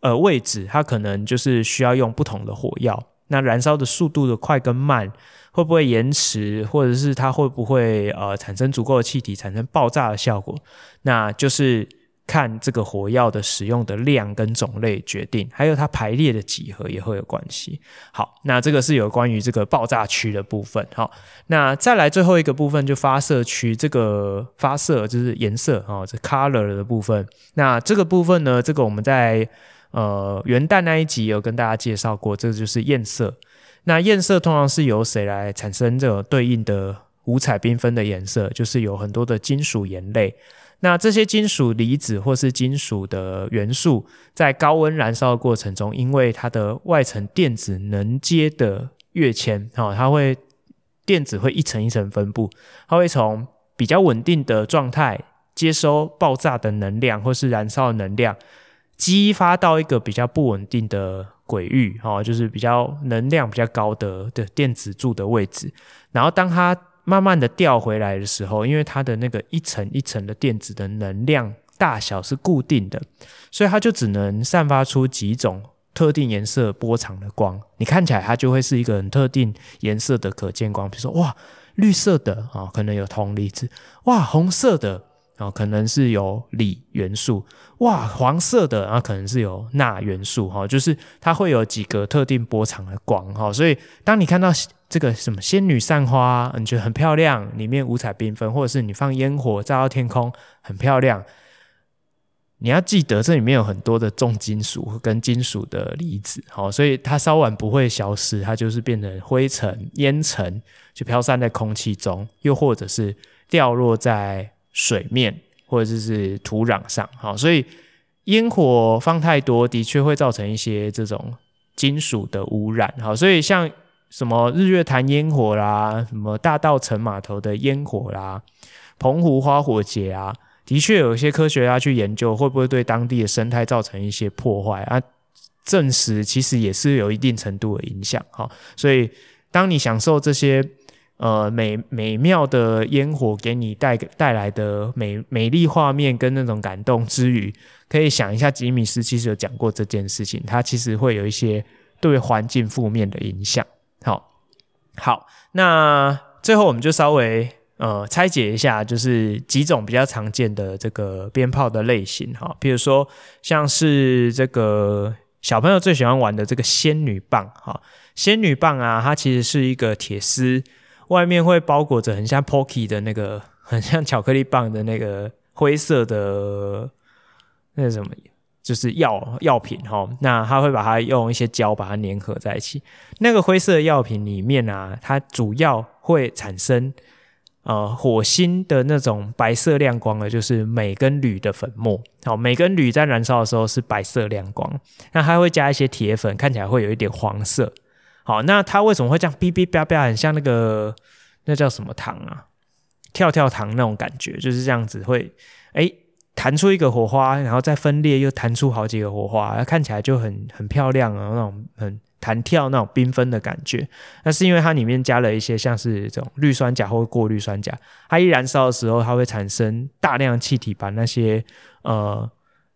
呃位置，它可能就是需要用不同的火藥，那燃燒的速度的快跟慢，會不會延遲，或者是它會不會呃產生足夠的氣體，產生爆炸的效果，那就是看這個火藥的使用的量跟種類決定，還有它排列的幾何也會有關係。好，那這個是有關於這個爆炸區的部分。好，那再來最後一個部分，就發射區。這個發射就是顏色啊，這 color 的部分。那這個部分呢，這個我們在呃元旦那一集有跟大家介紹過，這個就是焰色。那焰色通常是由誰來產生這個對應的五彩繽紛的顏色？就是有很多的金屬鹽類。那這些金屬離子或是金屬的元素，在高溫燃燒的過程中，因為它的外層電子能階的躍遷，哦，它會電子會一層一層分布，它會從比較穩定的狀態接收爆炸的能量或是燃燒的能量，激發到一個比較不穩定的軌域，哦，就是比較能量比較高的的電子住的位置，然後當它。慢慢的掉回來的時候，因為它的那個一層一層的電子的能量大小是固定的，所以它就只能散發出幾種特定顏色波長的光。你看起來它就會是一個很特定顏色的可見光，比如說哇綠色的啊、哦，可能有銅離子；哇紅色的啊、哦，可能是有鋰元素；哇黃色的啊，可能是有鈉元素哈、哦，就是它會有幾個特定波長的光哈、哦。所以當你看到。這個什麼仙女散花，你覺得很漂亮，裡面五彩繽紛，或者是你放煙火炸到天空，很漂亮。你要記得，這裡面有很多的重金屬跟金屬的離子，好，所以它燒完，不會消失，它就是變成灰塵、煙塵，就飄散在空氣中，又或者是掉落在水面或者是土壤上，好，所以煙火放太多，的確會造成一些這種金屬的汙染，好，所以像。什麼日月潭煙火啦，什麼大稻埕碼頭的煙火啦，澎湖花火節啊，的確有一些科學家去研究會不會對當地的生態造成一些破壞啊，證實其實也是有一定程度的影響哈、哦。所以，當你享受這些呃美美妙的煙火給你帶帶來的美美麗畫面跟那種感動之餘，可以想一下吉米師其實有講過這件事情，他其實會有一些對環境負面的影響。好，好，那最後我們就稍微呃拆解一下，就是幾種比較常見的這個鞭炮的類型哈，比如說像是這個小朋友最喜歡玩的這個仙女棒哈，仙女棒啊，它其實是一個鐵絲，外面會包裹着很像 Pocky 的那個，很像巧克力棒的那個灰色的那是什麼？就是藥藥品哈、哦，那它會把它用一些膠把它粘合在一起。那個灰色的藥品裡面啊，它主要會產生呃火星的那種白色亮光的，就是鎂跟鋁的粉末。好，鎂跟鋁在燃燒的時候是白色亮光，那它會加一些鐵粉，看起來會有一點黃色。好，那它為什麼會這樣嗶嗶嗶嗶，很像那個那叫什麼糖啊？跳跳糖那種感覺，就是這樣子會哎。欸彈出一個火花，然後再分裂，又彈出好幾個火花，它看起來就很很漂亮啊！然後那種很彈跳、那種繽紛的感覺，那是因為它裡面加了一些像是這種氯酸鉀或過氯酸鉀，它一燃燒的時候，它會產生大量氣體，把那些呃。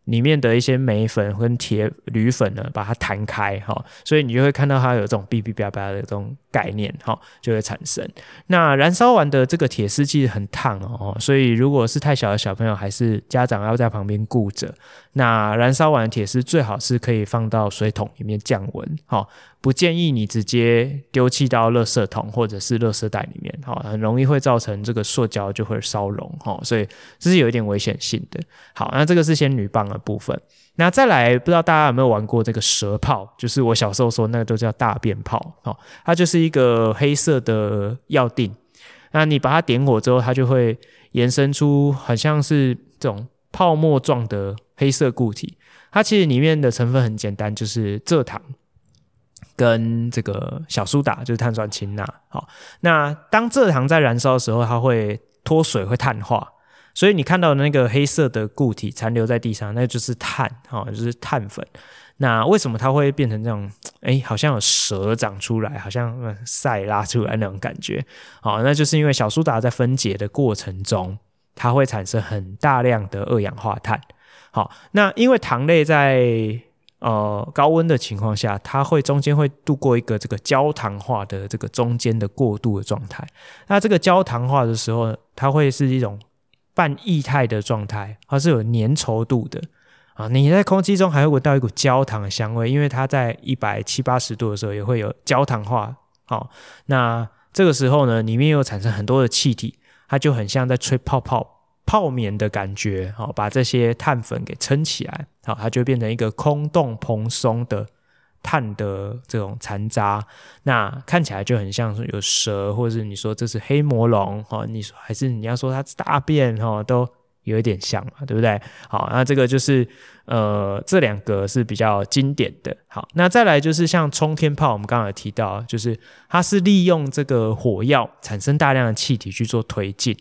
裡面的一些鎂粉跟鐵鋁粉呢，把它彈開哈、哦，所以你就會看到它有這種嗶嗶叭叭的這種概念哈、哦，就會產生。那燃燒完的這個鐵絲其實很燙哦，所以如果是太小的小朋友，還是家長要在旁邊顧着。那燃燒完的鐵絲最好是可以放到水桶裡面降溫哈。哦不建議你直接丟棄到垃圾桶或者是垃圾袋裡面，哈，很容易會造成這個塑膠就會燒融，哈，所以這是有一點危險性的。好，那這個是仙女棒的部分。那再來，不知道大家有沒有玩過這個蛇炮？就是我小時候說那個都叫大便炮，它就是一個黑色的藥錠，那你把它點火之後，它就會延伸出很像是這種泡沫狀的黑色固體。它其實裡面的成分很簡單，就是蔗糖。跟這個小蘇打就是碳酸氫鈉，好，那當蔗糖在燃燒的時候，它會脫水會碳化，所以你看到的那個黑色的固體殘留在地上，那就是碳，好、哦，就是碳粉。那為什麼它會變成這種？哎、欸，好像有蛇長出來，好像曬拉出來那種感覺，好，那就是因為小蘇打在分解的過程中，它會產生很大量的二氧化碳。好，那因為糖類在呃，高溫的情況下，它會中間會度過一個這個焦糖化的這個中間的過渡的狀態。那這個焦糖化的時候，它會是一種半液態的狀態，它是有粘稠度的啊。你在空氣中還會聞到一股焦糖的香味，因為它在一百七八十度的時候也會有焦糖化。好、哦，那這個時候呢，裡面又產生很多的氣體，它就很像在吹泡泡。泡棉的感覺，好、哦，把這些碳粉給撐起來，好、哦，它就變成一個空洞蓬鬆的碳的這種殘渣，那看起來就很像是有蛇，或者是你說這是黑魔龍，哈、哦，你說還是你要說它是大便，哈、哦，都有一點像嘛，對不對？好，那這個就是呃，這兩個是比較經典的。好，那再來就是像沖天炮，我們剛剛有提到，就是它是利用這個火藥產生大量的氣體去做推進。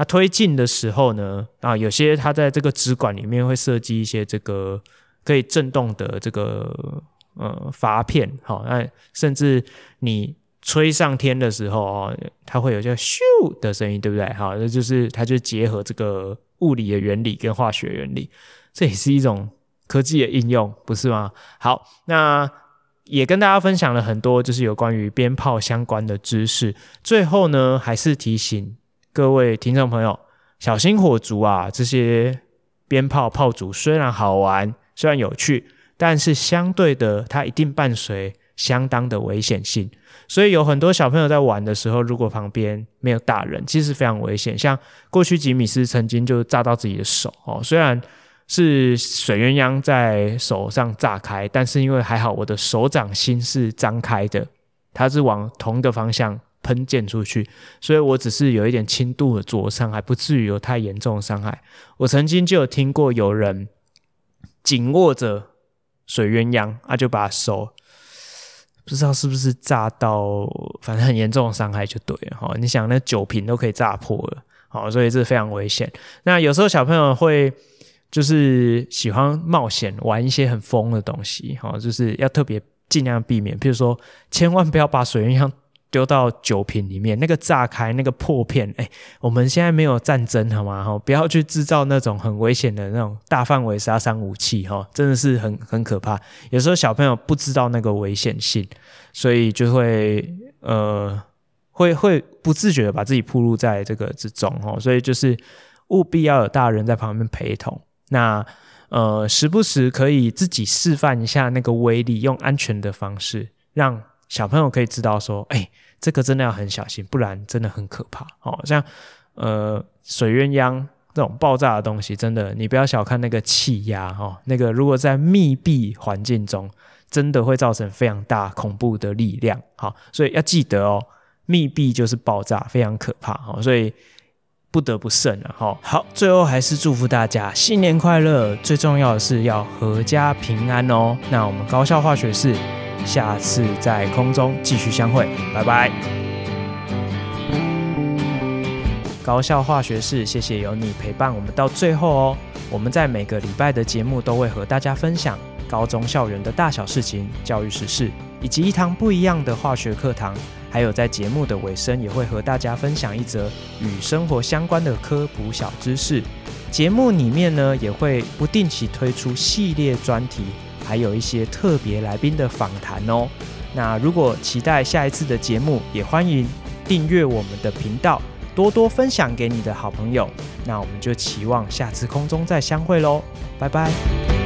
它、啊、推進的時候呢，啊，有些它在這個紙管裡面會設計一些這個可以震動的這個呃閥片，好，那甚至你吹上天的時候哦、啊，它會有些咻的聲音，對不對？好，那就是它就結合這個物理的原理跟化學原理，這也是一種科技的應用，不是嗎？好，那也跟大家分享了很多就是有關於鞭炮相關的知識，最後呢，還是提醒。各位聽眾朋友，小心火燭啊！這些鞭炮、炮竹雖然好玩，雖然有趣，但是相對的，它一定伴隨相當的危險性。所以有很多小朋友在玩的時候，如果旁邊沒有大人，其實非常危險。像過去吉米師曾經就炸到自己的手哦，雖然是水鴛鴦在手上炸開，但是因為還好我的手掌心是張開的，它是往同一個方向噴濺出去，所以我只是有一點輕度的灼傷，還不至於有太嚴重的傷害。我曾經就有聽過有人緊握着水鴛鴦，啊，就把手不知道是不是炸到，反正很嚴重的傷害就對了哈、哦。你想，那酒瓶都可以炸破了，好、哦，所以這非常危險。那有時候小朋友會就是喜歡冒險，玩一些很瘋的東西，好、哦，就是要特別盡量避免，譬如說千萬不要把水鴛鴦。丟到酒瓶裡面，那個炸開，那個破片，哎，我們現在沒有戰爭，好嗎？哈，不要去製造那種很危險的那種大範圍殺傷武器，哈，真的是很很可怕。有時候小朋友不知道那個危險性，所以就會呃，會會不自覺的把自己暴露在這個之中，哈，所以就是務必要有大人在旁邊陪同。那呃，時不時可以自己示範一下那個威力，用安全的方式讓。小朋友可以知道說，誒、欸，這個真的要很小心，不然真的很可怕。哦，像呃水鴛鴦這種爆炸的東西，真的你不要小看那個氣壓哈，那個如果在密閉環境中，真的會造成非常大恐怖的力量。哦，所以要記得哦，密閉就是爆炸，非常可怕。哦，所以不得不慎啊，哦。好，最後還是祝福大家新年快樂，最重要的是要闔家平安哦。那我們高校化學事下次在空中繼續相會，拜拜。高校化學事，謝謝有你陪伴我們到最後哦。我們在每個禮拜的節目都會和大家分享高中校園的大小事情、教育時事，以及一堂不一樣的化學課堂。還有在節目的尾聲，也會和大家分享一則與生活相關的科普小知識。節目裡面呢，也會不定期推出系列專題。還有一些特別來賓的訪談哦。那如果期待下一次的節目，也歡迎訂閱我們的頻道，多多分享給你的好朋友。那我們就期望下次空中再相會嘍。拜拜。